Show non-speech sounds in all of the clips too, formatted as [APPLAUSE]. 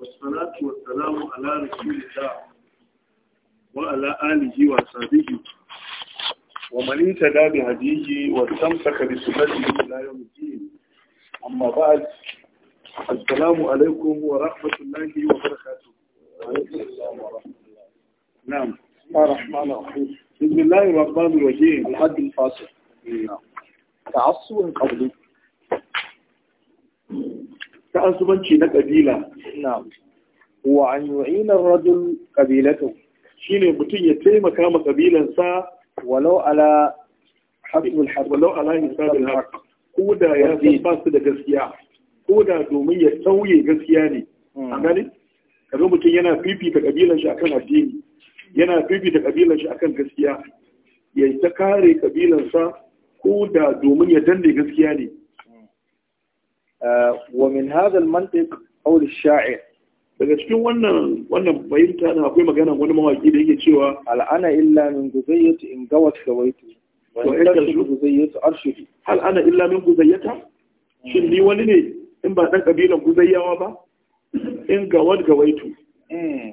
والصلاة والسلام على رسول الله وعلى آله وصحبه ومن اهتدى بهديه واستمسك بسنته إلى يوم الدين أما بعد السلام عليكم ورحمة الله وبركاته وعليكم السلام ورحمة الله نعم بسم الله الرحمن الرحيم بسم الله الرحمن الرحيم الحد الفاصل نعم تعصب قبلي ta'asubanci na kabila na'am wa an yu'ina ar-rajul Shi shine mutum ya taimaka ma kabilansa walau ala hasbul harb walau ala hisabil haqq ko da ya san ba su da gaskiya ko da domin ya sauye gaskiya ne hmm. an gane kaga mutum yana fifita kabilan shi akan addini yana fifita kabilan shi akan gaskiya ya ta kare kabilansa ko da domin ya danne gaskiya ne wa min hadha mantik aure qawl daga cikin wannan wannan fahimta na akwai magana wani mawaki da yake cewa al'ana illa min guzayyati in gawat gawaitu wa in guzayyatu arshidi hal ana illa min guzayyata shin ni wani ne in ba dan kabilan guzayyawa ba in gawat gawaitu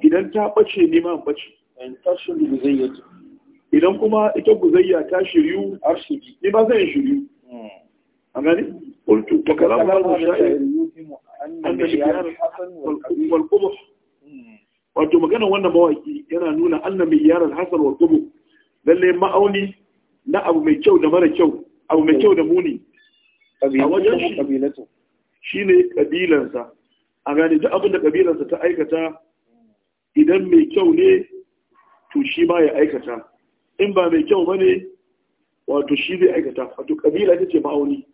idan ta bace ni ma bace in tashin guzayyatu idan kuma ita guzayya ta shiryu arshidi ni ba zan shiryu an gani qultu wa kalamu ba'd sha'ir anna shi'ar hasan wal qubh hmm. wato magana wannan mawaƙi yana nuna anna miyar al-hasan wal qubh lalle ma'auni na abu mai kyau da mara kyau abu mai kyau da muni a wajen shi shi ne kabilansa a gane duk abin da kabilansa ta aikata idan mai kyau ne to shi ma ya aikata in ba mai kyau ba ne wato shi zai aikata wato ƙabila ita ce ma'auni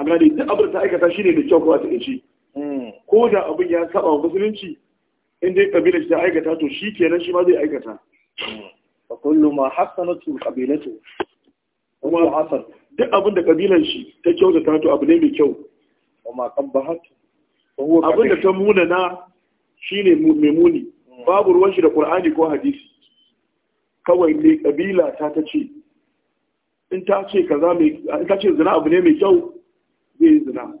a gane duk abin ta aikata shi ne da kyau kuma a taƙaice hmm. ko da abin ya saba wa musulunci in dai kabilar ta aikata to shi kenan shi ma zai aikata hmm. fa kullu ma hasanatu qabilatu kuma hasan duk abin da kabilar shi ta ta to abu ne mai kyau kuma qabbahatu abin da ta na shine mai muni hmm. babu ruwan shi da qur'ani ko hadisi kawai mai kabila ta ta ce in ta ce kaza mai in ta ce zina abu ne mai kyau zai yi zina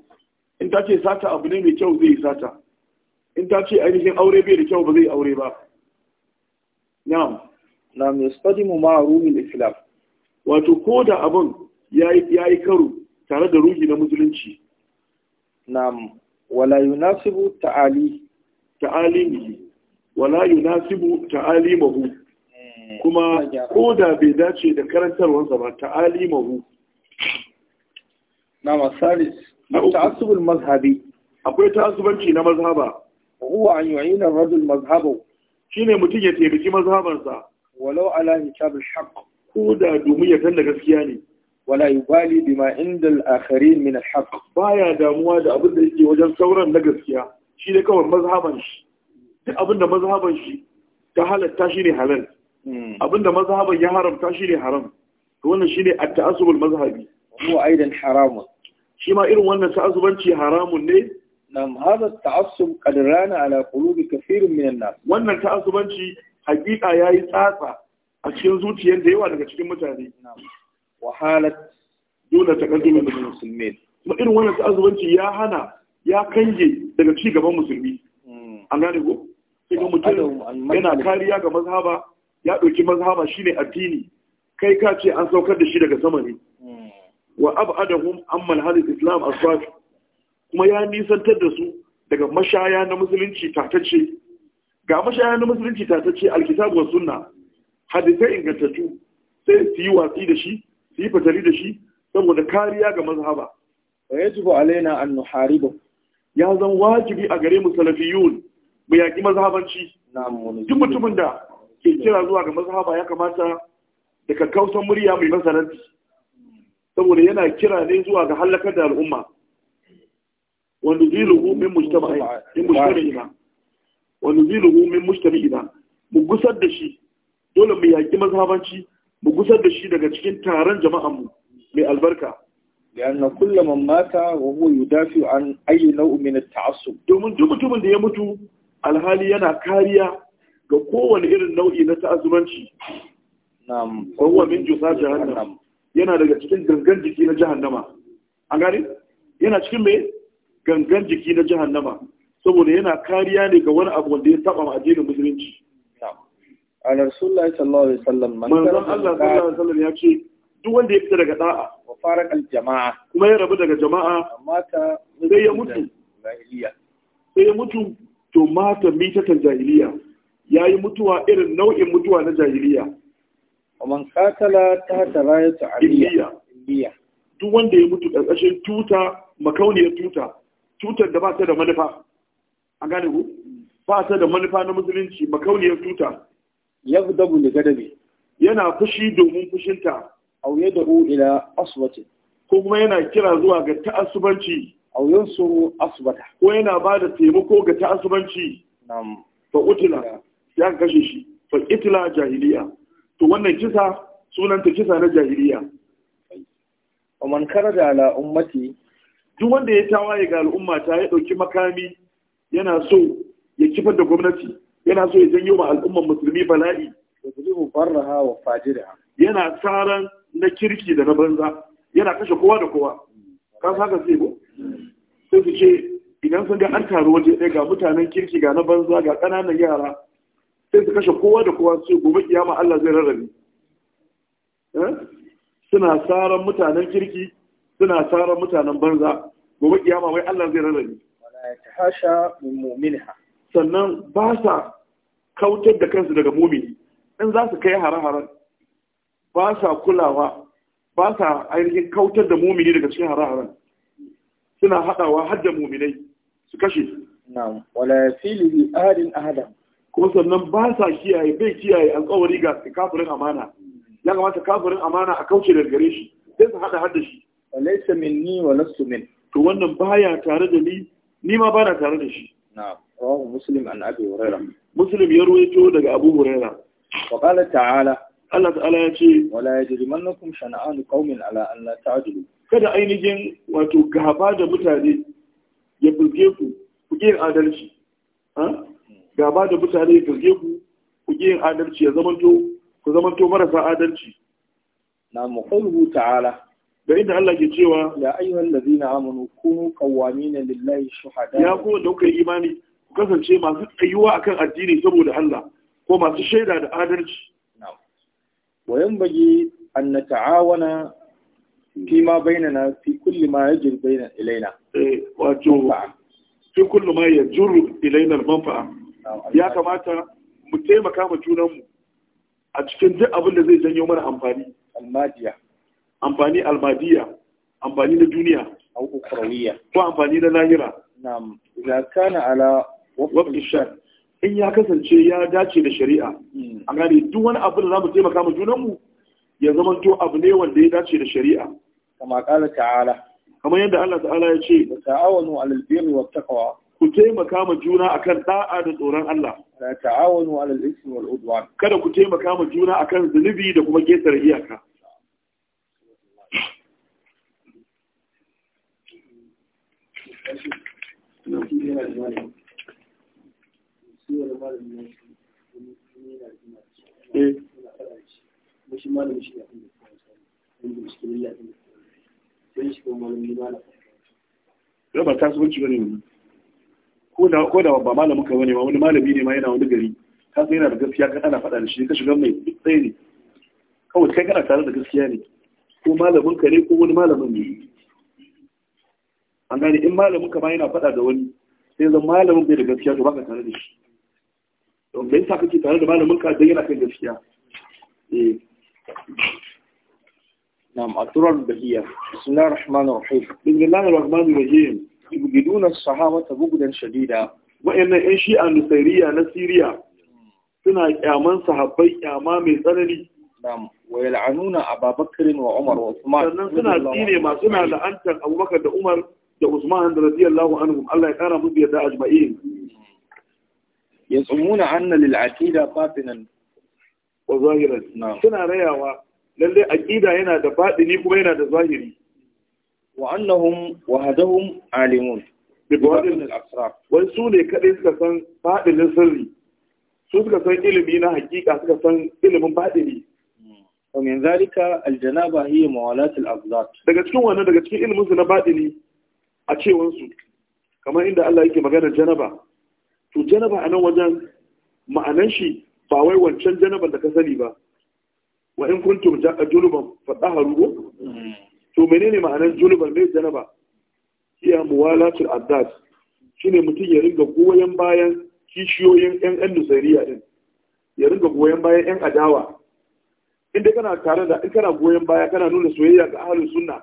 in ta ce sata abu ne mai kyau zai yi sata in ta ce ainihin aure bai da kyau ba zai aure ba na'am na mai stadi mu ma da islam wato ko da abun ya yi karo tare da ruhi na musulunci na'am wala yunasibu ta'ali ne. wala yunasibu mahu. Eh, kuma ko da bai dace da zama ba mahu. na masalis ta'assubul mazhabi akwai ta'assubanci na mazhaba huwa an yu'ina rajul mazhabu shine mutum ya taimaki mazhabansa walau ala hijab al-haqq ko da domin ya tanda gaskiya ne wala yubali bima inda al-akharin min al-haqq baya damuwa da abin da yake wajen sauran na gaskiya shi ne kawai mazhaban shi duk abin mazhaban shi ta halatta shi ne halal hmm. mazhaban ya haramta shi ne haram wannan shi ne at mazhabi huwa aidan haramun shi ma irin wannan ta'azubanci haramun ne nam hada ta'assub qad rana ala qulubi kathirin minan nas wannan ta'azzubanci hakika yayi tsatsa a cikin zuciyar da yawa daga cikin mutane wa halat dole ta kaddumi da musulmi kuma irin wannan ta'azzubanci ya hana ya kange daga ci gaban musulmi hmm. an gane ko sai mutum yana kariya ga mazhaba ya dauki mazhaba shine addini kai ka ce an saukar da shi daga sama wa ab'adahum an manhajul islam asfaf kuma ya nisantar da su daga mashaya na musulunci tatacce ga mashaya na musulunci tatacce alkitabu wa sunna hadisai ingantattu sai su yi watsi da shi su yi fatali da shi saboda kariya ga mazhaba wa yajibu alaina an nuharibu ya zan wajibi a gare mu salafiyun mu yaki mazhabanci duk mutumin da ke kira zuwa ga mazhaba ya kamata da kakkausan murya mai masaranci saboda yana kira ne zuwa ga halakar da al'umma wanda zai ziluhu min mujtama'ina wanda ziluhu min mujtama'ina mu gusar da shi dole mu yaƙi mazhabanci mu gusar da shi daga cikin taron jama'anmu mai albarka لأن كل من مات وهو يدافع عن أي نوع من التعصب domin duk mutumin da ya mutu alhali yana kariya ga kowane irin nau'i na ta'azzumanci na'am wa min jusa jahannam yana daga cikin gangan jiki na jahannama an gane yana cikin mai gangan jiki na jahannama saboda yana kariya ne ga wani abu wanda ya taba ma addinin musulunci a rasulullah sallallahu alaihi wasallam manzon Allah sallallahu alaihi wasallam ya ce duk wanda ya fita daga da'a wa faraka jama'a kuma ya rabu daga jama'a mata sai ya mutu sai ya mutu to mata mitatan jahiliya yayi mutuwa irin nau'in mutuwa na jahiliya man katala ta tarayatu aliyya aliyya duk wanda ya mutu karkashin tuta makauniyar tuta tutar da ba ta da manufa an gane ku ba ta da manufa na musulunci makauniyar tuta yaghdabu da gadabe yana fushi domin fushinta aw yad'u ila aswati ko kuma yana kira zuwa ga ta'assubanci aw yansuru asbata ko yana ba da taimako ga ta'asubanci na'am fa utila ya kashe shi fa itila jahiliya to wannan kisa sunanta kisa na jahiliya wa man kharaja ala ummati duk wanda ya tawaye ga al'umma ta ya dauki makami yana so ya kifar da gwamnati yana so ya janyo ma al'umman musulmi bala'i mu farraha wa fajiraha yana tsaran na kirki da na banza yana kashe kowa da kowa ka saka sai ko sai su ce idan sun ga an taru waje ɗaya ga mutanen kirki ga na banza ga ƙananan yara sai su kashe kowa da kowa sai gobe kiyama Allah zai rarrabe eh? suna saran mutanen kirki suna saran mutanen banza gobe kiyama wai Allah zai rarrabe hasha mu'minha sannan ba sa kautar da kansu daga mumini in za su kai hare-haren ba sa kulawa ba sa ainihin kautar da mumini daga cikin hare-haren suna haɗawa har da muminai su kashe na'am wala fili ahadin ahadan ko sannan ba sa kiyaye bai kiyaye alƙawari ga kafirin amana ya kamata kafirin amana a kauce da gare shi sai su hada hada shi alaysa minni wa lastu min to wannan baya tare da ni ni ma bana tare da shi na'am rawahu muslim an abi huraira muslim ya ruwaito daga abu huraira wa qala ta'ala Allah ta'ala ya ce wala yajrimannakum shana'an qaumin ala an la ta'dilu kada ainihin wato gaba da mutane ya burge ku ku yi adalci ha gaba da mutane garge ku ku yin adalci ya zamanto ku zamanto marasa adalci na muqawluhu ta'ala da inda Allah ke cewa ya ayyuhal ladina amanu kunu qawwamina lillahi shuhada ya ku da kuka imani ku kasance masu tsayuwa akan addini saboda Allah ko masu shaida da adalci wa yanbaghi an nata'awana fi ma bainana fi kulli ma yajri bainana ilaina eh wato fi kulli ma yajru ilaina al-manfa'a ya kamata mu taimaka ma junanmu a cikin duk abin da zai janyo mana amfani almadiya amfani almadiya amfani na duniya a ukrawiya ko amfani na lahira na'am kana ala waqti shar in ya kasance ya dace da shari'a hmm. a gane duk wani abin da zamu taimaka ma junanmu ya zama to abu ne wanda ya dace da shari'a kama kala ta'ala kamar yadda Allah ta'ala ya ce ta'awanu alal birri wat taqwa ku taimaka ma juna akan da'a da tsoron Allah la 'ala al-ithmi wal 'udwan kada ku taimaka ma juna akan zunubi da kuma ketare iyaka Eh. ba ta su wuce bane yanzu. ko da ko da ba malamin ka bane ma wani malami ne ma yana wani gari ka sai yana da gaskiya ka ana faɗa da shi ka shiga mai tsaye ne kawai kai kana tare da gaskiya ne ko malamin ka ne ko wani malamin ne an gane in malamin ka ma yana faɗa da wani sai zan malamin bai da gaskiya to baka tare da shi don bai sa kake tare da malamin ka dan yana kan gaskiya eh نعم الدرر البهية بسم الله الرحمن الرحيم بسم الله الرحمن الرحيم yubghiduna as-sahabata bughdan shadida wa'annan shi shi'a nusairiya na Siriya suna kyaman sahabbai kyama mai tsanani nam wa yal'anuna Abubakar wa Umar wa Usman sannan suna tsine ma suna la'antar Abubakar da Umar da Usman radiyallahu anhum Allah ya kara musu yadda ajma'in yasumuna anna lil aqida batinan wa zahiran suna rayawa lalle aqida yana da batini kuma yana da zahiri wa annahum wahadahum alimun bi bawadin wai su ne kadai suka san fadilin sirri su suka san ilimi na hakika suka san ilimin fadili wa min zalika al-janaba hiya mawalat afzat daga cikin wannan daga cikin ilimin su na fadili a cewan kamar inda Allah yake magana janaba to janaba anan nan wajen ma'anan shi ba wai wancan janabar da ka sani ba wa in kuntum junuban fadaharu to menene ma'anar julubar mai janaba iya muwalatul shi shine mutum ya ringa goyon bayan kishiyoyin yan yan din ya ringa goyon bayan yan adawa inda kana tare da in kana goyon baya kana nuna soyayya ga ahlus sunna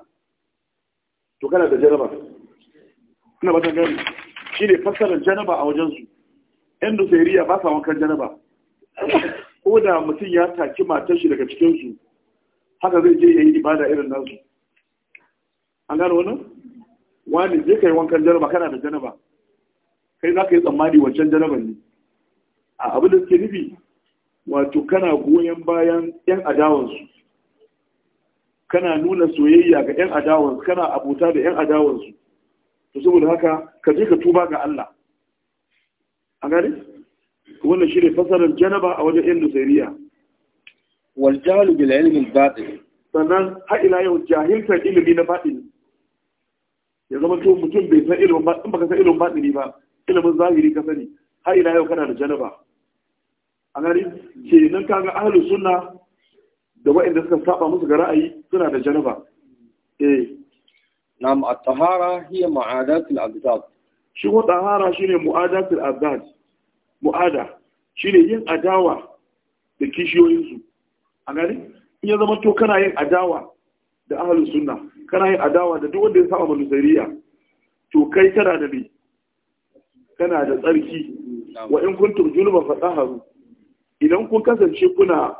to kana da janaba ina ba ta gani ne fassarar janaba a wajen su yan nusairiya ba sa wankan janaba ko da mutum ya taki matar shi daga cikin su haka zai je yayi ibada irin nasu an gano wannan wani je kai wankan janaba kana da janaba kai za ka yi tsammani wancan janaban ne a abin da suke nufi wato kana goyon bayan yan adawansu kana nuna soyayya ga yan adawansu kana abota da yan adawansu to saboda haka ka je ka tuba ga Allah an gane wannan shi ne fasarar janaba a wajen yan nusairiya wal jahalu bil ilmi al sannan ha ila yau jahiltar ilimi na batil ya zama to mutum bai san ilimin ba in baka san ilimin batini ba ilimin zahiri ka sani har ila yau kana da janaba a gani ka ga ahlus sunna da waɗanda suka saba musu ga ra'ayi suna da janaba eh nam at-tahara hiya mu'adat al-abdad shi ko tahara shine mu'adat al-abdad mu'ada shine yin adawa da kishiyoyin su a gani in ya zama to kana yin adawa da ahalin sunna kana yin adawa da duk wanda ya saba ma to kai tana da bi kana da tsarki wa in kuntum junuba fataharu idan kun kasance kuna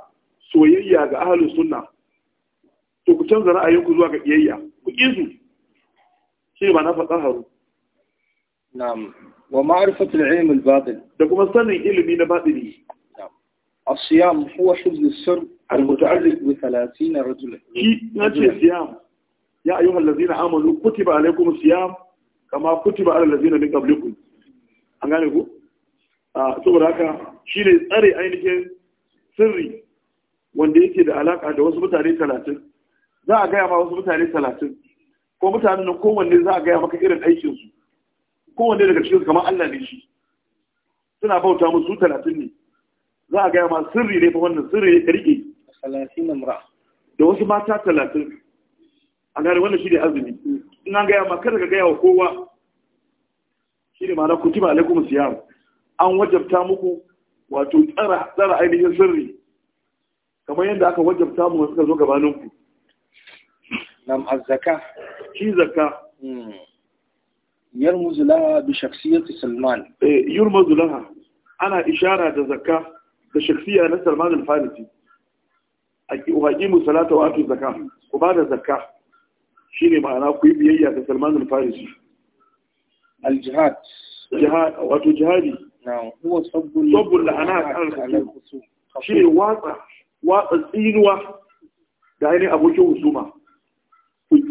soyayya ga ahalin sunna to ku canza ra'ayinku zuwa ga kiyayya ku su shi ba na fataharu na'am wa ma'rifatul ilm al-batil da kuma sanin ilimi na batili الصيام هو حفظ السر المتعلق ب 30 رجلا نجي الصيام يا ايها الذين امنوا كتب عليكم الصيام كما كتب على الذين من قبلكم an gane ku a saboda haka shi ne tsare ainihin sirri wanda yake da alaka da wasu mutane 30 za a gaya ma wasu mutane 30 ko mutanen nan kowanne za a gaya maka irin aikinsu kowanne daga cikinsu kamar Allah ne shi suna bauta musu 30 ne za a gaya ma sirri ne fa wannan sirri ne ka talatin da wasu mata talatin a gane wannan shi ne azumi in an gaya ma kada ka gaya wa kowa shi ne kuti ba alaikum siyar an wajabta muku wato tsara ainihin sirri kamar yadda aka wajabta mu suka zo gabanin ku nam azzaka shi zakka hmm. yarmuzu laha bi shakhsiyati salman eh yarmuzu ana ishara da zakka da shafiya na salman al-farisi uhaqimu salata wa atu zakka ku ba da zakka shine ma'ana ku yi biyayya ga salman al al-jihad wato jihadi na'am huwa sabbul shine watsa tsinuwa da ainihin abokin husuma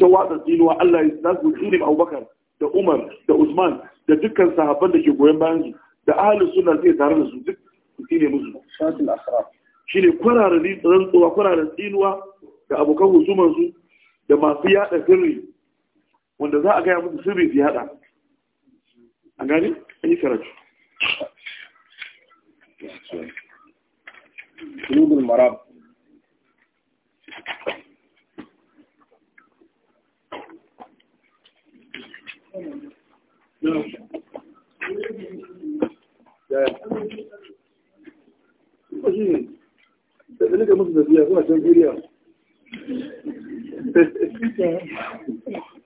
ta watsa tsinuwa Allah ya za Abubakar da Umar da Usman da dukkan sahabban da ke goyon da suna tare da su duk isfatul asrar shine kwararin rantsuwa kwararin tsinuwa da abokan husuman su da masu yada sirri wanda za a gaya muku sirri su yada an an yi karatu Kulubul Marab Yeah. ko shi ne da nika musu da biya suna can biriya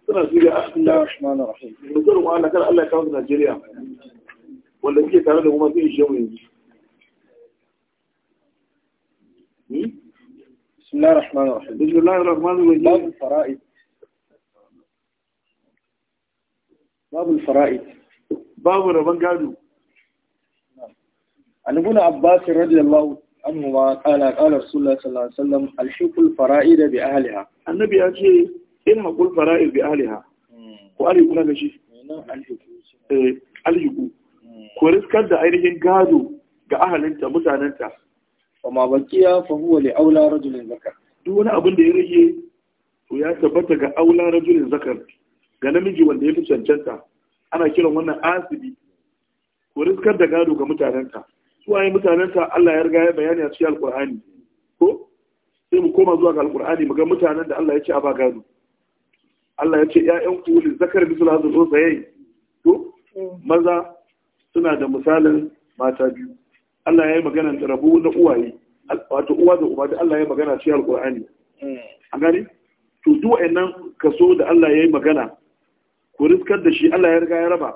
suna shirya a cikin rahmanin rahim mutum ruwa na kan Allah ya kawo Najeriya wanda suke tare da kuma sun ishe mu yanzu بسم الله الرحمن الرحيم بسم الله الرحمن الرحيم باب الفرائض باب الفرائض باب ربان قالوا an ibn abbas radiyallahu anhu ma qala qala rasulullah sallallahu alaihi wasallam alhiqul fara'id bi ahliha annabi ya ce in haqul fara'id bi ahliha ko ali da ainihin gado ga ahalinta mutanenta amma bakiya fa huwa li aula rajulin zakar duk wani abin da ya rage ya tabbata ga aula rajulin zakar ga namiji wanda ya fi cancanta ana kiran wannan asibi ko riskar da gado ga mutanenta su waye mutanensa Allah ya riga ya bayani a cikin Alƙur'ani? ko sai mu koma zuwa ga alkur'ani mu ga mutanen da Allah ya ce a ba gado Allah ya ce ƴaƴan ku lil zakar bisul hazul unsayayn to mm. maza suna da misalin mata biyu Allah ya yi magana da rabu na uwaye wato uwa da uba da Allah ya yi magana cikin Alƙur'ani. Mm. a gani to duk wa'annan kaso da Allah ya yi magana ku riskar da shi Allah ya riga ya raba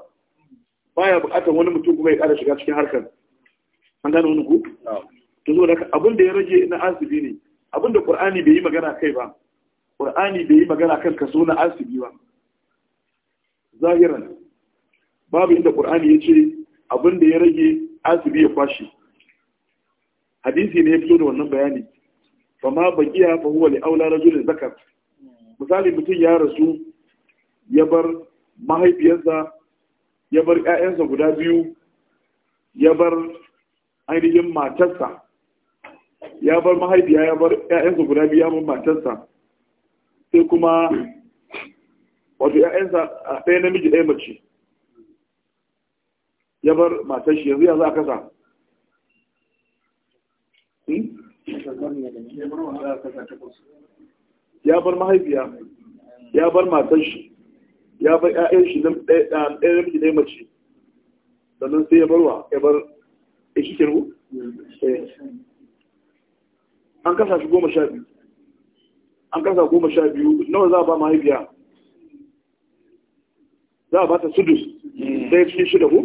baya bukatar wani mutum kuma ya ƙara shiga cikin harkar an gane wani ku to zo da abin da ya rage na asibi ne abin da qur'ani bai yi magana kai ba qur'ani bai yi magana kan kaso na asibi ba zahiran babu inda qur'ani ya ce abin da ya rage asibi ya kwashi hadisi ne ya fito da wannan bayani fa ma baqiya fa huwa li aula rajulin zakar misali mutum ya rasu ya bar mahaifiyarsa ya bar ƴaƴansa guda biyu ya bar ainihin matarsa ya bar mahaifiya ya bar 'ya'yansa guda biya mun matarsa sai kuma wato 'ya'yansa a ɗaya namiji ɗaya mace ya bar matar shi yanzu ya za a kasa hmm? ya bar mahaifiya ya bar matar shi ya bar 'ya'yan shi ɗaya namiji ɗaya mace sannan sai ya barwa ya bar da eh, eh. an kasa shi goma sha biyu an kasa goma sha biyu nawa za a ba mahaifiya za a ba ta sudus hmm. ɗaya cikin shida ko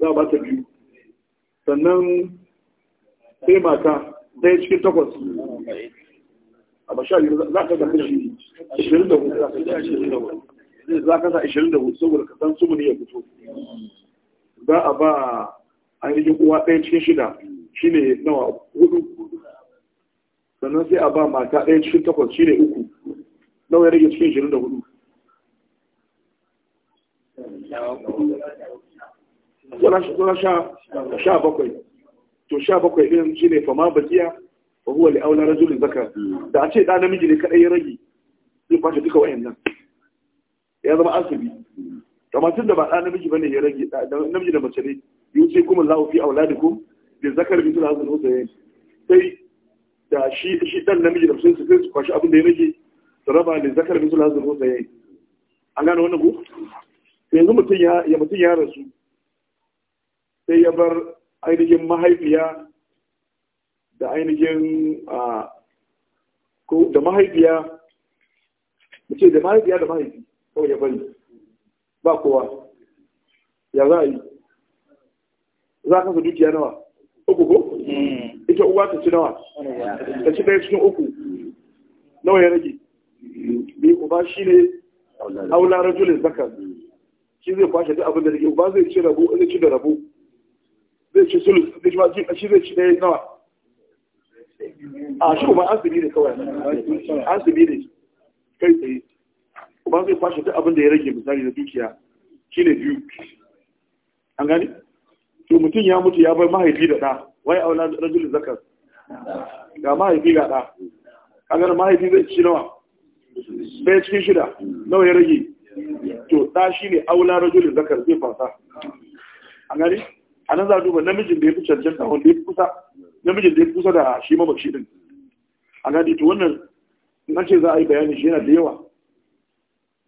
za a ba ta biyu sannan sai mata ɗaya cikin takwas a ba sha biyu za a kasa kashi ashirin da hudu za ka sa ashirin da hudu saboda kasan san sumuni ya fito za a ba ainihin uwa ɗaya cikin shida shi ne nawa hudu sannan sai a ba mata ɗaya cikin takwas shi ne uku nawa ya rage cikin shirin da hudu sha bakwai to sha bakwai ɗin shi ne fama bakiya ba huwa na rajulun zaka. da a ce ɗa namiji ne kaɗai ya rage zai kwashe duka wayan nan ya zama asibi kamar tun da ba ɗa namiji ba ne ya rage namiji da mace ne yusi kuma za ku fi auladikum da zakar bitul hazin husayn sai da shi shi dan namiji da sun su sai su kwashi abin da ya rage su raba da zakar bitul hazin husayn an gane wannan ku yanzu mutum ya ya mutum ya rasu sai ya bar ainihin mahaifiya da ainihin a ko da mahaifiya mace da mahaifiya da mahaifi kawai ya bari ba kowa ya za a yi za ka su dukiya nawa uku ko hmm. ita uwa ta ci nawa ta ci ɗaya cikin uku nawa ya rage bi uba shi ne aula rajulin zakar shi zai kwashe duk abin da rage uba zai ci rabu zai ci da rabu zai ci sulu ma shi zai ci ɗaya nawa a shi uba asibi ne kawai asibi ne kai tsaye uba zai kwashe duk abin da ya rage misali na dukiya shi ne biyu an gani to mutum ya mutu ya bar mahaifi da ɗa wai aula rajul zakar ga mahaifi ga ɗa kagar mahaifi zai ci nawa bai cikin shida nawa ya rage to ɗa shi ne aula rajul zakar zai fasa a gani a nan za a duba namijin da ya fi cancanta wanda ya fi kusa namijin da ya fi kusa da shi mamaci din a gani to wannan na ce za a yi bayani shi yana da yawa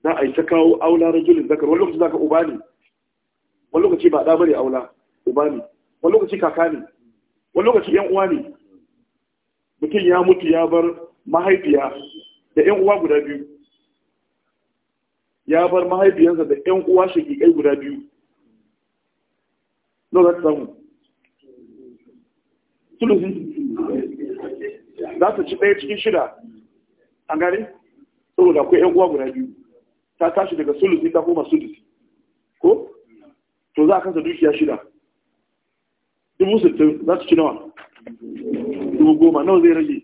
za a yi ta kawo aula rajulin zakar wani lokaci za ka uba ne wani lokaci ba ɗa bane aula uba ne wani lokaci kaka ne wani lokaci yan uwa ne mutum ya mutu ya bar mahaifiya da yan uwa guda biyu ya bar mahaifiyansa da yan uwa shagigai guda biyu no za ta samu sulusun za ta ci ɗaya cikin shida an gane saboda akwai yan uwa guda biyu ta tashi daga sulusi ta koma sulusi ko to za a kansa dukiya shida dubu sittin za su ci nawa dubu goma nawa zai rage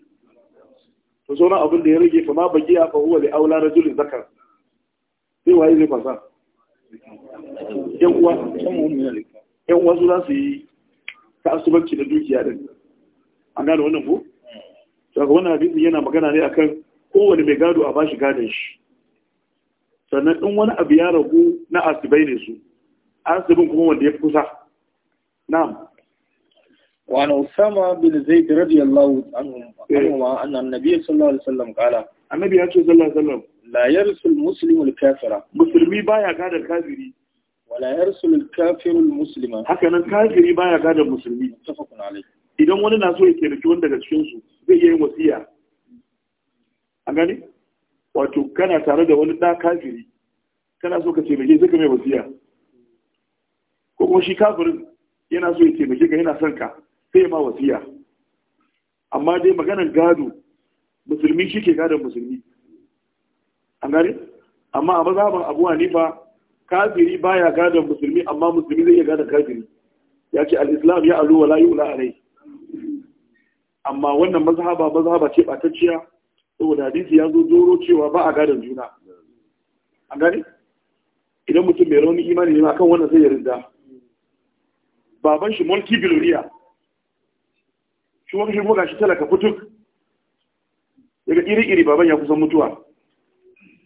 to sauran abin da ya rage fa ma baki a fa huwa da aula rajulin zakar sai waye zai fasa yan uwa su za su yi ta ta'assubanci da dukiya din an gane wannan ko daga wannan hadisin yana magana ne akan kowane mai gado a bashi gadon shi sannan in wani abu ya ragu na asibai ne su asibin kuma wanda ya fi kusa na'am وعن أسامة بن زيد رضي الله عنه أن النبي صلى الله عليه وسلم قال النبي صلى الله عليه وسلم لا يرسل المسلم الكافر مسلمي بايا قاد الكافري ولا يرسل الكافر المسلم هكذا الكافري بايا قاد المسلمي متفق عليه idan wani na so ya taimaki wani daga cikinsu zai iya yin wasiya a gani wato kana tare da wani ɗa kafiri kana so ka taimake zai ka mai wasiya ko kuma shi kafirin yana so ya taimake ka yana son ka sai ma wasiya amma dai maganan gado musulmi shi ke gadon musulmi an gane amma a abuwa ne ba kafiri ba ya gadon musulmi amma musulmi zai iya gadon kafiri ya ce Al'islam ya alu wala a rai amma wannan mazaba mazaba ce batacciya saboda hadisi ya zo doro cewa ba a gadon juna an gane idan mutum mai rauni imani ne akan wannan sai ya rinda baban shi mulki biloriya shi wani shi kuma gashi talaka fituk daga iri-iri baban ya kusan mutuwa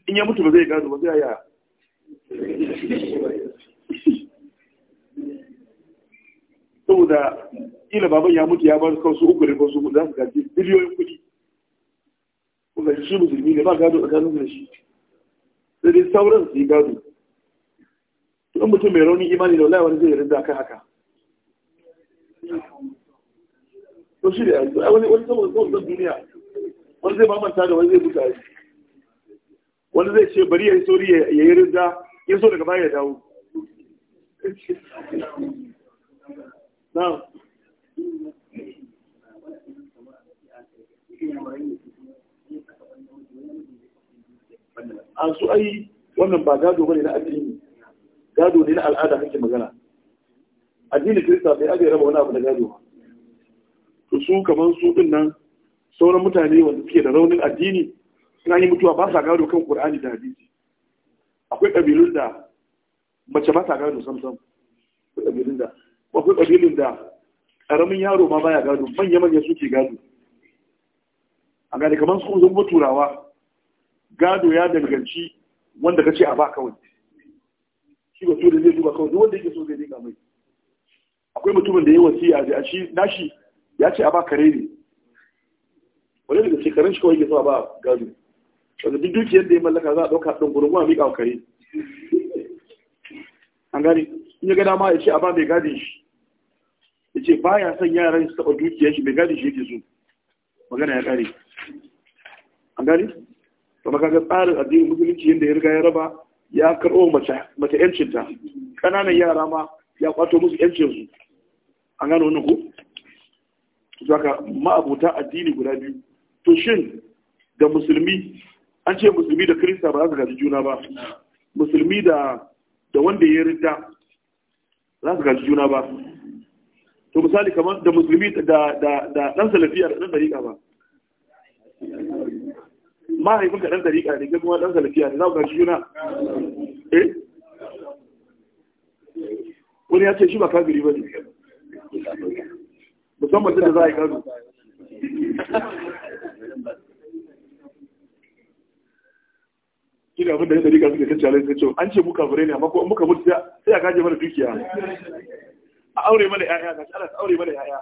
in ya mutu ba zai gado ba zai yaya saboda ila baban ya mutu ya ba kansu uku da kansu za su gaji biliyoyin kuɗi kuma shi musulmi ne ba gado a tsakanin da shi sai dai sauran su yi gado tun mutum mai raunin imani da wani zai rinda kan haka to shi da yanzu wani wani saboda zuwa zan duniya wani zai mamanta da wani zai buta shi wani zai ce bari ya yi sauri ya yi rinda ya so daga baya ya dawo [LAUGHS] na'am a su ai wannan ba gado bane na addini gado ne na al'ada kake magana addini kirista bai aje raba wani abu da gado ba su kamar su din nan sauran mutane wanda suke da raunin addini suna yi mutuwa ba sa gado kan Qur'ani da hadisi akwai kabilun da mace ba sa gado sam sam akwai kabilun da akwai kabilun da karamin yaro ma baya gado manya manya suke gado a gani kamar su zumba turawa gado ya danganci wanda ka ce a ba kawai shi ba da zai duba kawai duk wanda yake so zai dinga mai akwai mutumin da ya wasiya a shi nashi ya ce a ba kare ne wani daga shekarun shi kawai ke ba gado wanda duk dukiyar da ya mallaka za a ɗauka ɗan gudun kuma miƙa kare an gani. in ya gada ma ya ce a ba mai gadi shi ya ce ba ya son yaran su taɓa dukiyar shi mai gadi shi yake so magana ya ƙare an gani. to maka tsarin addinin musulunci yadda ya riga ya raba ya karɓo mace 'yancinta ƙananan yara ma ya kwato musu 'yancinsu an gano wani ku saka ma'abuta addini guda biyu to shin da musulmi an ce musulmi da kirista ba za su gaji juna ba musulmi da da wanda ya ridda za su gaji juna ba to misali kamar da musulmi da da da dan salafiya da dan dariƙa ba mahaifin ka dan dariƙa ne kuma dan salafiya ne za ku gaji juna eh wani ya ce shi ba kafiri ba ne musamman da za a yi gano. shi abin da ya dariƙa suka kacce alai suka ce an ce muka fure ne amma ko muka mutu sai a kaje mana dukiya a aure mana yaya ga shi ana aure mana yaya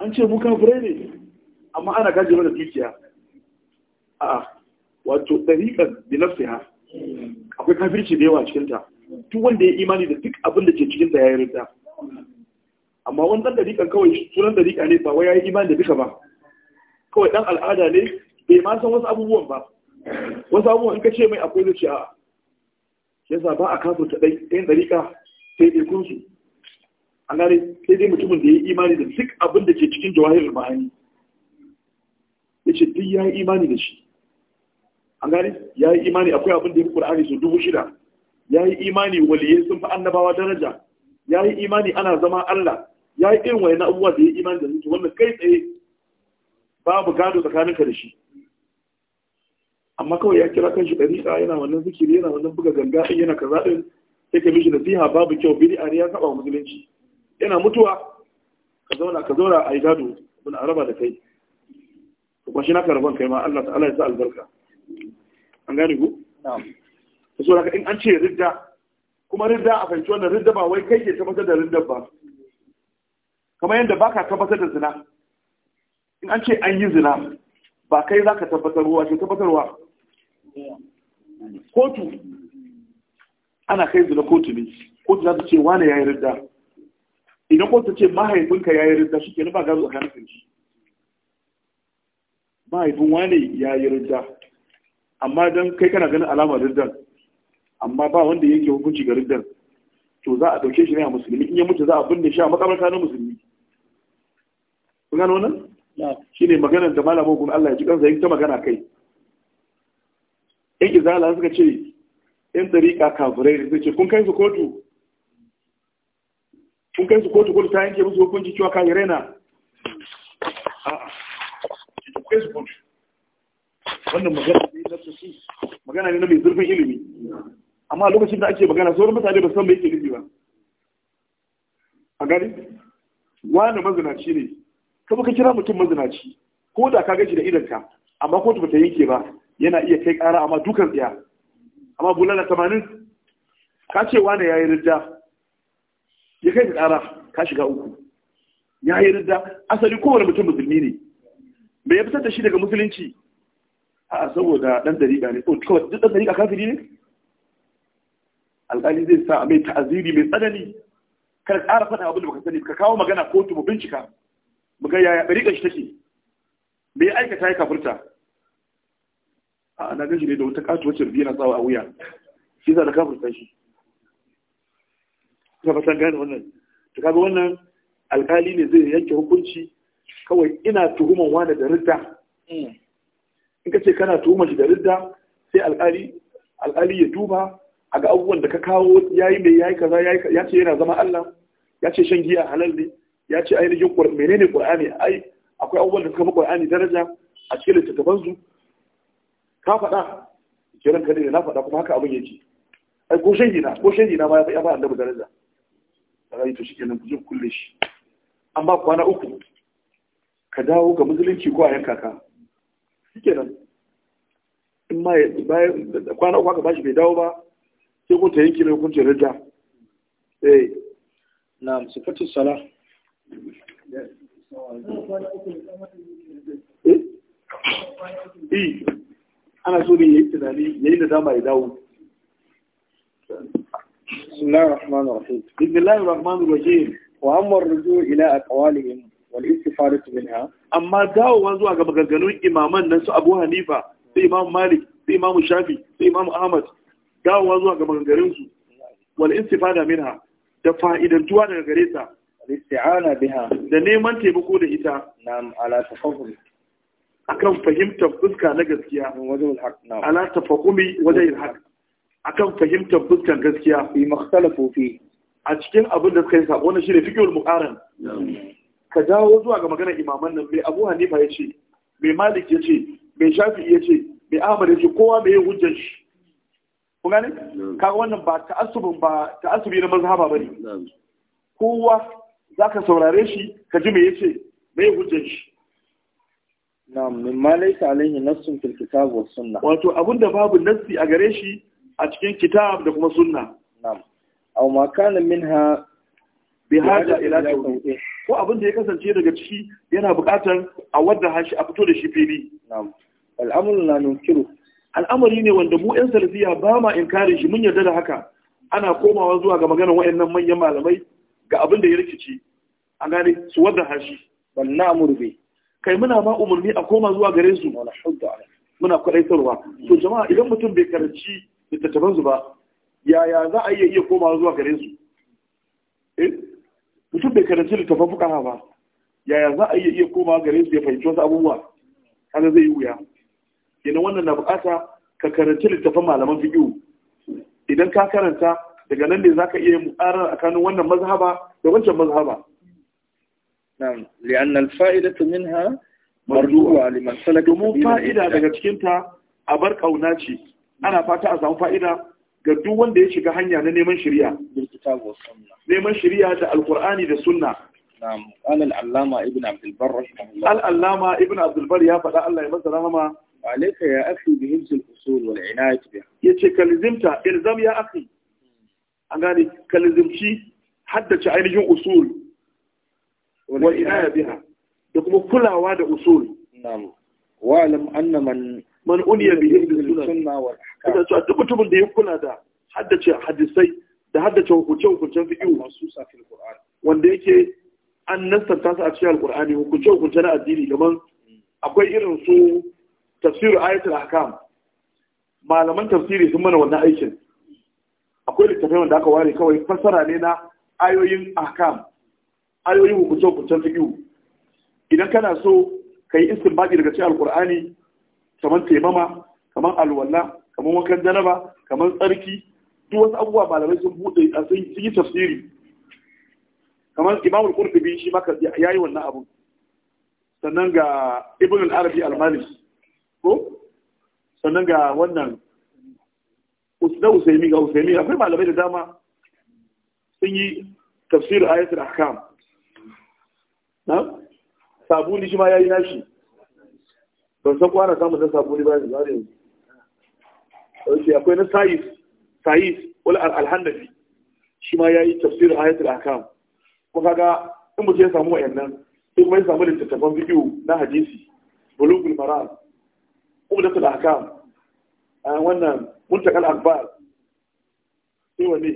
an ce muka fure ne amma ana kaje mana dukiya a'a wato dariƙan bi nafsiha akwai kafirci da yawa cikin ta duk wanda ya imani da duk abin da ke cikin ta rinta amma wani ɗan ɗariƙa kawai sunan dariƙa ne ba wai ya yi imani da duka ba kawai ɗan al'ada ne bai ma san wasu abubuwan ba wasu abubuwan in ka ce mai akwai zuciya a yasa ba a kafin ta ɗan dariƙa sai dai kunsu an gane sai dai mutumin da ya yi imani da duk abin da ke cikin jawahirul ma'ani ya ce duk ya yi imani da shi an gane ya yi imani akwai abin da ya fi ƙur'ani su dubu shida ya yi imani waliyai sun fi annabawa daraja ya yi imani ana zama Allah ya yi irin wayan abubuwa da ya yi imani da zuci wannan kai tsaye babu gado tsakaninka da shi amma kawai ya kira kan shi ɗariƙa yana wannan zikiri yana wannan buga ganga in yana kaza ɗin sai ka mishi nasiha babu kyau a ne ya saba musulunci yana mutuwa ka zauna ka zauna a yi gado a raba da kai to kuma shi na rabon kai ma Allah ta'ala ya sa albarka an gane ku na'am to so in an ce ridda kuma ridda a fahimci wannan ridda ba wai kai ke ta masa da ridda ba kamar yadda baka tabbatar da zina in an ce an yi zina ba kai za ka tabbatarwa ce tabbatarwa kotu ana kai zina kotu ne kotu za ta ce wane ya yi ridda idan kotu ce mahaifinka ya yi ridda shi ke ba gado a kanin shi mahaifin wane ya yi ridda amma don kai kana ganin alamar rida amma ba wanda yake hukunci ga rida to za a ɗauke shi ne a musulmi in ya mutu za a binne shi a makamarta na musulmi kun gano nan ne maganar da malamin kuma Allah ya ji kansa yake ta magana kai in izala suka ce in tsarika kafirai da ce kun kai su kotu kun kai su kotu kotu ta yanke musu hukunci cewa kai raina a'a kai su kotu wannan magana ne na sosai magana ne na mai zurfin ilimi amma lokacin da ake magana sauran mutane ba san mai ke nufi ba a gani wani mazinaci ne kuma ka kira mutum mazinaci ko da ka gaji da idanka amma kotu bata yanke ba yana iya kai ƙara amma dukan tsaya amma bulala tamanin ka ce wane ya yi ridda ya kai ka ƙara ka shiga uku ya yi ridda asali kowane mutum musulmi ne bai fitar da shi daga musulunci a saboda ɗan dariƙa ne oh, kawai duk ɗan dariƙa kafiri ne alƙali zai sa mai ta'aziri mai tsanani kada ƙara faɗa abin da baka sani ka kawo magana kotu mu bincika mu ga yaya ɗariƙar shi take me ya aikata ya kafurta a na gashi ne da wata katuwa cirbi yana tsawa a wuya shi za da kafurta shi ka ba san gane wannan to kaga wannan alkali ne zai yanke hukunci kawai ina tuhuman wani da ridda hmm. in ka ce kana tuhumar shi da ridda sai alkali alkali ya duba a ga abubuwan da ka kawo yayi mai yayi kaza ya ce yana zama Allah ya ce shan giya halal ne ya ce ainihin menene ƙur'ani? ai akwai abubuwan da suka fi ƙur'ani daraja a cikin littattafan su ka faɗa kiran ka ne na faɗa kuma haka abin yake ai ko shan gina ko shan gina ma ya fi yafa annabi daraja sai to shikenan ku je kulle shi an ba kwana uku ka dawo ga musulunci ko a yanka ka nan? in ma bayan kwana uku ba bashi bai dawo ba sai ko ta yanki ne hukuncin rida eh na sifatu salah Eh? Eh? Ana so ne ya yi tunani ya yi da dama ya dawo. Bismillahir Rahmanir Rahim. Wa amma rujo ila a kawalihim wal istifari tu minha. Amma dawowa zuwa ga maganganun imaman nan su Abu Hanifa, su Imam Malik, su Imam Shafi, su Imam Ahmad. Dawowa zuwa ga maganganun su. Wal istifada minha. Da fa'idantuwa daga gare ta. isti'ana biha da neman taimako da ita na'am ala tafahum akan fahimtar fuska na gaskiya wajen al-haq na'am ala tafahumi wajen al-haq akan fahimtar fuskan gaskiya fi makhtalafu fi a cikin abin da suka yi sako na shine fiqhul muqaran ka dawo zuwa ga maganar imaman nan mai Abu Hanifa yace mai Malik yace mai Shafi'i yace mai Ahmad yace kowa mai hujjar shi kun gane kaga wannan ba ta'assubin ba ta'assubi na mazhaba bane kowa za ka saurare shi ka ji me ya ce mai hujjar shi Na min ma laysa alaihi nassun fil kitab wa sunna wato abinda babu nassi a gare shi a cikin kitab da kuma sunna Na. aw ma kana minha bi haja ila tawdih ko abin da ya kasance daga ciki yana buƙatar a wadda hashi a fito da shi fili Al'amuru na la nunkiru al'amari ne wanda mu yan salafiya ba ma inkarin shi mun yarda da haka ana komawa zuwa ga maganar wayannan manyan malamai ga abin da ya rikici a gane su wadda hashi bal na'muru kai muna ma umarni a koma zuwa gare su wala hudda muna kwadaitarwa to hmm. jama'a idan mutum bai karanci littattafan su ba yaya za a iya iya koma zuwa gare su eh mutum bai karanci littattafan fuqaha ba yaya za a iya iya koma gare su ya fahimci wasu abubuwa kaga zai yi wuya kenan wannan na bukata ka karanci littattafan malaman fiqh idan ka karanta daga nan ne zaka iya mu'ara tsakanin wannan mazhaba da wancan mazhaba na'am al-fa'idatu minha liman salaka fa'ida daga cikin ta abar kauna ce ana fata a samu fa'ida ga duk wanda ya shiga hanya na neman shari'a neman shari'a da alqur'ani da sunna na'am qala al-allama ibn abd al-barr rahimahullah al-allama ibn abd al-barr ya faɗa Allah ya masa rahama عليك يا أخي بهمز الأصول والعناية بها إلزام يا أخي an gane kalizimci haddace ainihin usul wa inaya biya? da kuma kulawa da usul na'am wa alam anna man man uniya bi ilmi sunna wal ahkam to duk mutumin da ya kula da haddace hadisai da haddace hukunce hukuncen fiqh masusa fil qur'an wanda yake an nassanta su a cikin alqur'ani hukunce hukunce na addini kaman akwai irin su tafsir ayatul ahkam malaman tafsiri sun mana wannan aikin akwai littafai wanda aka ware kawai fassara ne na ayoyin ahkam ayoyin hukuncen hukuncen fiqh idan kana so ka yi istinbadi daga cikin alkur'ani kamar taimama kamar alwala kamar wankan janaba kamar tsarki duk wasu abubuwa malamai sun buɗe, a sun yi tafsiri kamar imamul biyu shi maka ya yi wannan abu sannan ga ibn al-arabi al-maliki ko sannan ga wannan da usaimi ga usaimi akwai malamai da dama sun yi tafsir ayatul ahkam na sabuni shi ma yayi nashi ban san kwana samun da sabuni ba ne zare ne akwai na sayis sayis wal alhannafi shi ma yayi tafsir ayatul ahkam kuma kaga in mu ya samu wayannan sai kuma ya samu littattafan bidiyo na hadisi bulugul maram umdatul ahkam wannan muntakal akbar sai wanne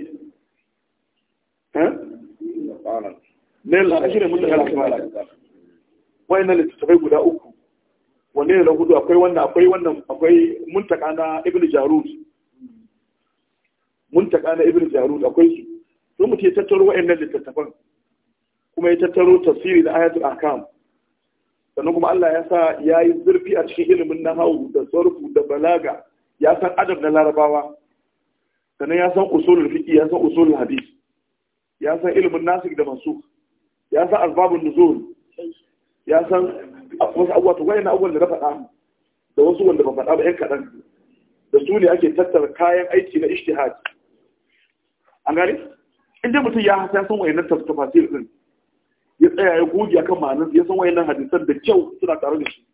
ne la shi ne muntakal akbar wai na littattafai guda uku wanne ne na hudu akwai wannan akwai wannan akwai jarud muntaka na jarud akwai su sai mutum ya tattaro wa'annan littattafan kuma ya tattaro tafsiri na ayatul ahkam sannan kuma Allah ya sa ya yi zurfi a cikin ilimin nahawu da sarfu da balaga ya san adab na larabawa sannan ya san usulul fiqh ya san usulul hadith ya san ilimin nasikh da mansukh ya san asbabun nuzul ya san wasu abubuwa to wayannan abubuwan da na faɗa da wasu wanda ba faɗa ba ƴan kaɗan da su ne ake tattara kayan aiki na ishtihad an gani inda mutum ya san san wayannan tafsir din ya tsaya ya goge akan ma'anar ya san wayannan hadisan da kyau suna tare da shi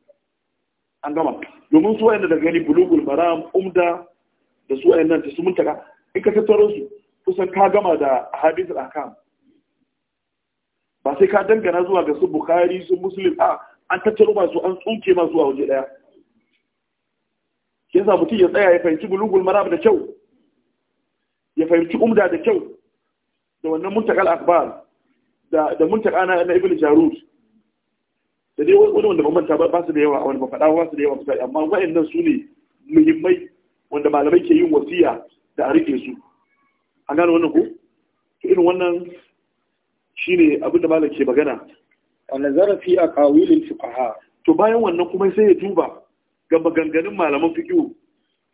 an gama domin su wayanda da gani bulugul maram umda da su wayannan ta su muntaka in ka tattaro su kusan ka gama da hadith al akam ba sai ka dangana zuwa ga su bukhari su muslim a an tattaro masu an tsunke masu a waje daya shi yasa mutum ya tsaya ya fahimci bulugul maram da kyau ya fahimci umda da kyau da wannan al akbar da da muntaka na ibn jarud da dai wani wanda manta ba su da yawa wanda ba faɗa ba su da yawa misali amma wa'annan su ne muhimmai wanda malamai ke yin wasiya da a rike su A gano wannan ku? to irin wannan shine abin da malam ke magana wa nazara fi aqawil fuqaha to bayan wannan kuma sai ya duba ga maganganun malaman fiqhu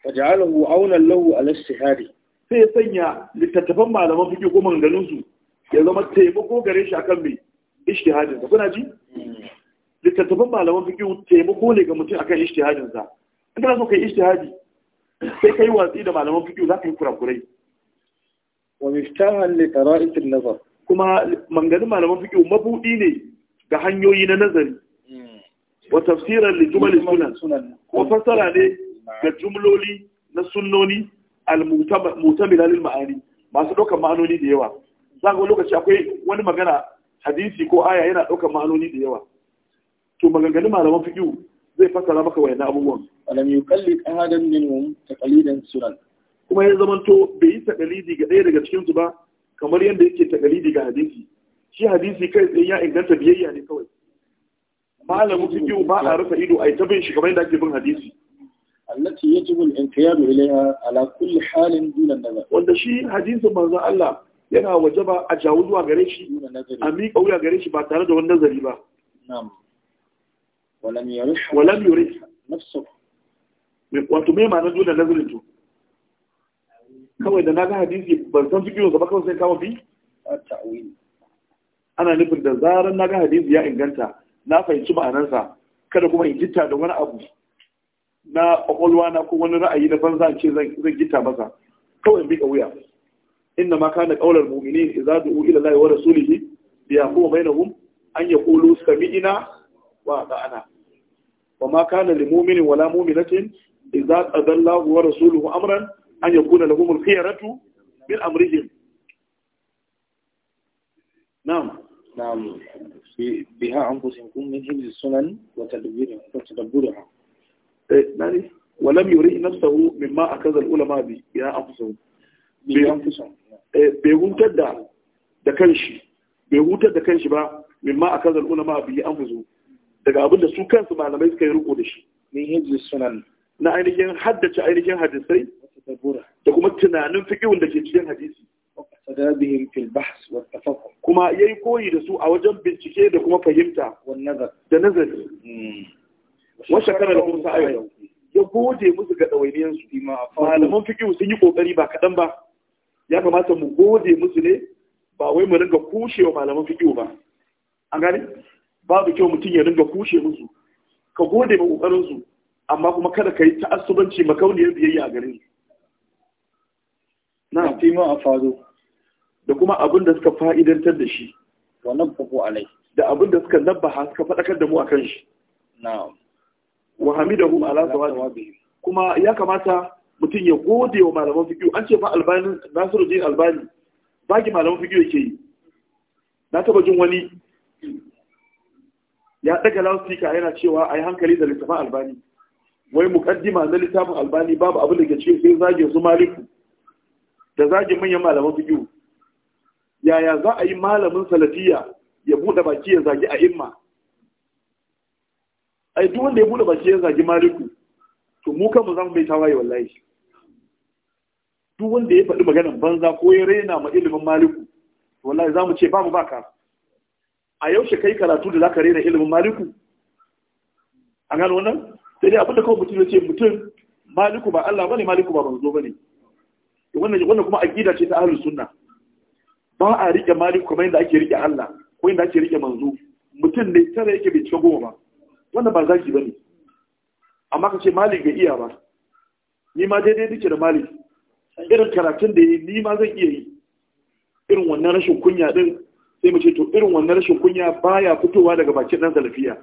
fa ja'alahu aunan lahu ala istihadi sai ya sanya littattafan malaman fiqhu ko maganganun su ya zama taimako gare shi akan mai ishtihadin kuna ji hmm. littattafan malaman fiqh taimako ne ga mutum akan ijtihadin sa in kana so kai ijtihadi sai kai watsi da malaman fiqh za ka yi kurakurai wa miftahan li qara'at an-nazar kuma manganin malaman fiqh mabuɗi ne ga hanyoyi na nazari wa tafsiran li jumal sunan wa fassara ne ga jumloli na sunnoni al-mutamila lil ma'ani masu ɗaukar ma'anoni da yawa za ga lokaci akwai wani magana hadisi ko aya yana ɗaukar ma'anoni da yawa to maganganun malaman fiqh zai fassara maka wayannan abubuwan alam yuqallid ahadan minhum taqlidan sunan kuma ya zamanto bai yi taqlidi ga ɗaya daga cikin su ba kamar yadda yake taqlidi ga hadisi shi hadisi kai tsaye ya inganta biyayya ne kawai malamin fiqh ba a rufe ido ai ta bin shi kamar yadda ake bin hadisi yajibu al الانقياد ilayha ala kulli halin dunan nazar. wanda shi hadisin manzo Allah yana wajaba a jawo zuwa gare shi a miƙa wuya gare shi ba tare da wani nazari ba na'am walam yurih walam yurih nafsu wato me ma na dole nazarin to kawai da na ga hadisi ban san fikiyo gaba kawai sai kama bi ta'wili ana nufin da zarar na ga hadisi ya inganta na fahimci ma'anarsa kada kuma in gitta da wani abu na kwakwalwa na ko wani ra'ayi na banza ce zan gitta masa kawai in bi wuya inna ma kana qaular mu'minin idza du'u ila allahi wa rasulihi bi yaquma bainahum an yaqulu sami'na wa ata'na wa ma kana lil mu'minin wala mu'minatin idza qadallahu wa rasuluhu amran an yakuna lahum al khiyaratu min amrihim na'am na'am biha anfusikum min hibz ولم يري نفسه مما أكذ العلماء بها أنفسهم bai hutar da kanshi bai hutar da kanshi ba mimma a kazar ulama biyu daga abin da su kansu malamai suka yi riko da shi min hijji sunan na ainihin haddace ainihin hadisai da kuma tunanin fiƙiwun da ke cikin hadisi sadabihim fil bahs wa tafakkur kuma yayi koyi da su a wajen bincike da kuma fahimta wan nazar da nazari hmm. wa shakara lahum sa'ayu ya gode musu ga dawainiyan su malaman fiqh sun yi kokari ba kadan ba ya kamata mu gode musu ne ba wai mu ringa kushewa malaman fiqh ba an gane babu kyau mutum ya ringa kushe musu ka gode ma kokarin su amma kuma kada ka yi ta'assubanci makauniyar biyayya a gare su na fi ma faru da kuma abin da suka fa'idantar da shi wa nabbahu alai da abin da suka nabbaha suka fadakar da mu akan shi na'am wa hamidahum ala sawabi kuma ya kamata mutum ya gode wa malaman fiqh an ce fa albani nasiruddin albani baki malaman fiqh yake yi na taba jin wani ya daga lausika yana cewa a yi hankali da littafin albani wai mukaddima na littafin albani babu abin da ke ce sai zage su maliku da zage manyan malaman fiƙi yaya za a yi malamin salafiya ya buɗe baki ya zagi a imma ai duk wanda ya buɗe baki ya zagi maliku to mu kanmu za mu bai tawaye wallahi duk wanda ya faɗi maganar banza ko ya raina ma ilimin maliku wallahi za mu ce ba mu ba ka a yaushe kai karatu da zaka rena ilimin maliku an gano wannan sai dai abinda kawai mutum ya ce mutum maliku ba Allah bane maliku ba manzo bane to wannan wannan kuma aqida ce ta ahlus sunna ba a rike maliku kamar yadda ake rike Allah ko yadda ake rike manzo mutum ne tare yake bai cika goma ba wannan ba zaki bane amma ka ce malik bai iya ba ni ma daidai duke da malik irin karatun da yi ni ma zan iya yi irin wannan rashin kunya din sai mu ce to irin wannan rashin kunya baya fitowa daga bakin dan salafiya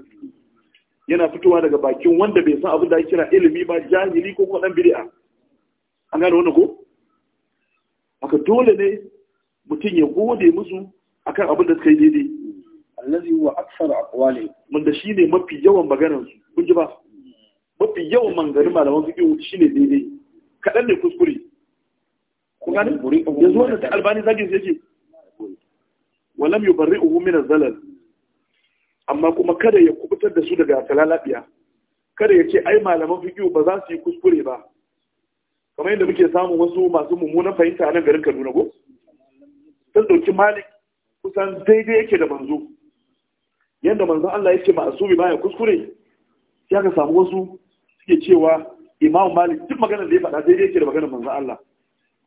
yana fitowa daga bakin wanda bai san abin da ake kira ilimi ba jahili ko kuma dan bid'a an gane wannan ko haka dole ne mutum ya gode musu akan abin da suka yi daidai allazi huwa aksar aqwali mun da shine mafi yawan maganar su kun ji ba mafi yawan mangarin malaman fiqh shine daidai kadan ne kuskure kun gane yanzu wannan albani zagin sai yake walam yubarri'uhu min az-zalal amma kuma kada ya kubutar da su daga talalabiya kada ya ce ai malaman fiqh ba za su yi kuskure ba kamar yadda muke samun wasu masu mummunan fahimta a nan garin Kaduna ko sun ɗauki malik kusan daidai yake da manzo yadda manzo Allah yake ba ya kuskure ya ka samu wasu suke cewa Imam Malik duk maganar da ya faɗa daidai yake da maganar manzo Allah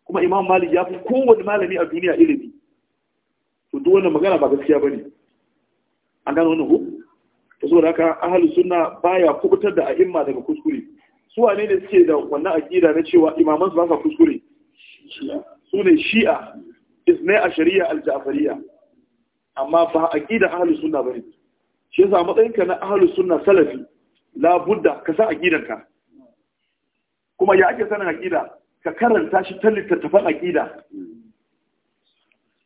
kuma Imam Malik ya fi kowane malami a duniya ilimi to duk wannan magana ba gaskiya bane an gano wannan ko to saboda haka ahlus sunna baya kubutar da a'imma daga kuskure su wane ne suke da wannan aqida na cewa imaman su ba sa kuskure su ne shi'a isnai a shari'a al amma ba aqida ahlus sunna bane shi yasa matsayinka na ahlus sunna salafi la budda ka sa kuma ya ake sanin aqida ka karanta shi ta littattafan aqida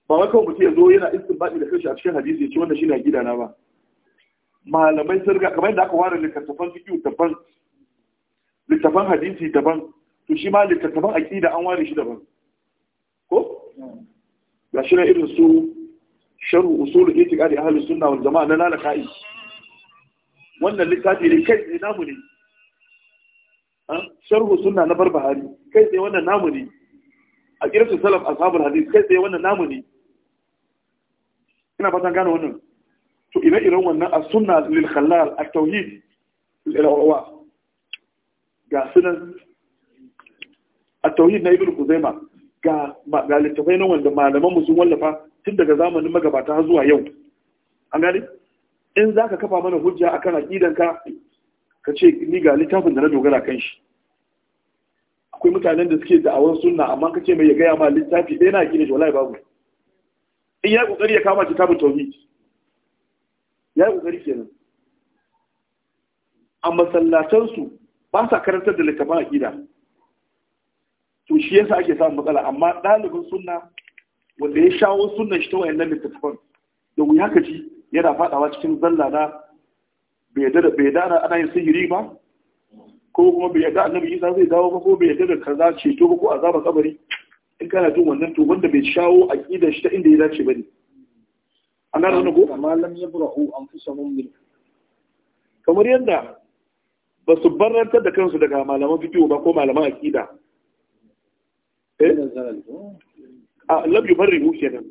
ba wai kawai mutum ya zo yana baɗi da kanshi a cikin hadisi ya ce wannan shine aqida na ba malamai sun riga kamar yadda aka ware littattafan fiqh daban littattafan hadisi daban to shi ma littattafan aƙida an ware shi daban ko ga shi irin su sharu usul itiqadi ahlus sunna wal jamaa na lalaka'i wannan littafi ne kai ne namu ne sharhu sunna na barbahari kai tsaye wannan namu ne a kirkin salaf ashabul hadisi. kai tsaye wannan namu ne ina fatan gane wannan to ire iren wannan a sunna lil khallal a tauhid ilawa ga sunan a tauhid na ibnu kuzaima ga ga littafai na wanda malaman mu sun wallafa tun daga zamanin magabata har zuwa yau an gane in zaka kafa mana hujja akan aqidanka ka ce ni ga littafin da na dogara kan shi akwai mutanen da suke da'awar sunna amma kace mai ya gaya ma littafi ɗaya na gina shi wallahi babu in ya kokari ya kama kitabun tauhid ya kokari kenan a su ba sa karantar da littafin aƙida to shi yasa ake samun matsala amma dalibin sunna wanda ya shawo sunnan shi ta wayannan littattafan da wuya ka ji yana faɗawa cikin zalla na bai da ana yin sihiri ba ko kuma bai yarda annabi isa zai dawo ba ko bai yarda da kaza ceto ba ko azaba kabari in kana jin wannan to wanda bai shawo a aqidar shi ta inda ya dace bane an gane wannan ko amma lam yabrahu anfusahum min kamar yadda ba su barantar da kansu daga malaman fiqh ba ko malaman aqida eh a lam yubarrihu kenan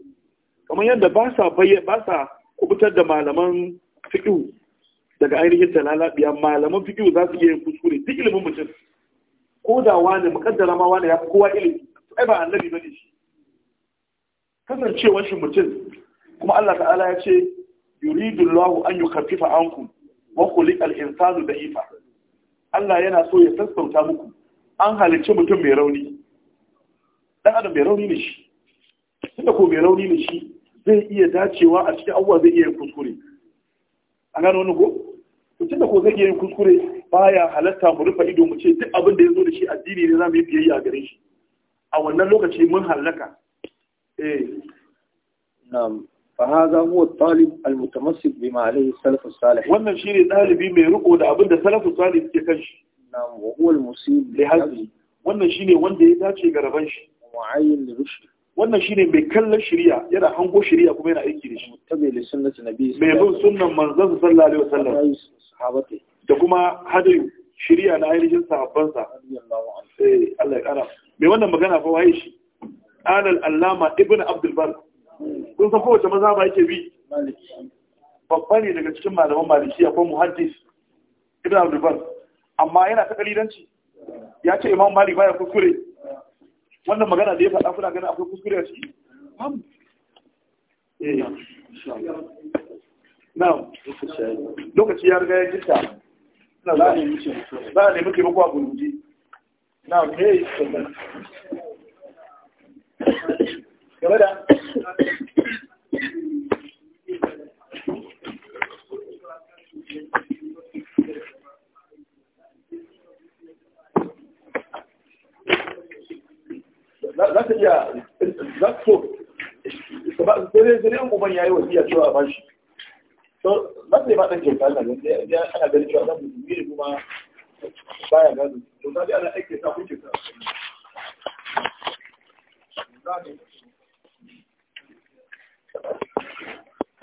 kamar yadda ba sa ba sa kubutar da malaman fiqh daga ainihin talalabiya malaman fiqh za su iya yin kuskure duk ilimin mutum ko da wani mukaddara ma wani ya fi kowa ilimi ai ba annabi bane shi kasancewar shi mutum kuma Allah ta'ala ya ce yuridu Allahu an yukaffifa ankum wa khuliqal insanu da'ifa Allah yana so ya sassauta muku an halicci mutum mai rauni dan adam mai rauni ne shi tunda ko mai rauni ne shi zai iya dacewa a cikin abubuwa zai iya kuskure an gano wani ko mutum da ko zai iya yin kuskure baya halatta mu rufe ido mu ce duk abin da ya zo da shi addini ne za mu yi biyayya a gare shi a wannan lokaci mun halaka eh na'am fa hada huwa talib almutamassik bima alayhi salaf salih wannan shine dalibi mai riko da abinda salaf salih ke kan shi na'am wa huwa almusib li hadhi wannan shine wanda ya dace ga raban shi mu'ayyin li rushd wannan shine mai kallon shari'a yana hango shari'a kuma yana aiki da shi tabi li sunnati nabi mai bin sunnan manzon sallallahu alaihi wasallam sahabati da kuma hadayu shari'a na ainihin sahabbansa eh, Allah ya mai wannan magana fa waye shi alal allama ibnu abdul bar kun san kowace maza ba yake bi babba ne daga cikin malaman maliki akwai muhaddis ibnu abdul bar amma yana ta kalidanci ya ce imam mali baya kuskure wannan magana da ya faɗa kuna ganin akwai kuskure a ciki eh, na lokaci ya riga ya gita za a nemi taimako a gurguje na me game da za ta iya za ta so zai zai yin cewa a bashi to za ta yi ba ɗan kyauta ana ganin cewa ɗan musulmi ne kuma baya gado to ana aiki ta kuke ta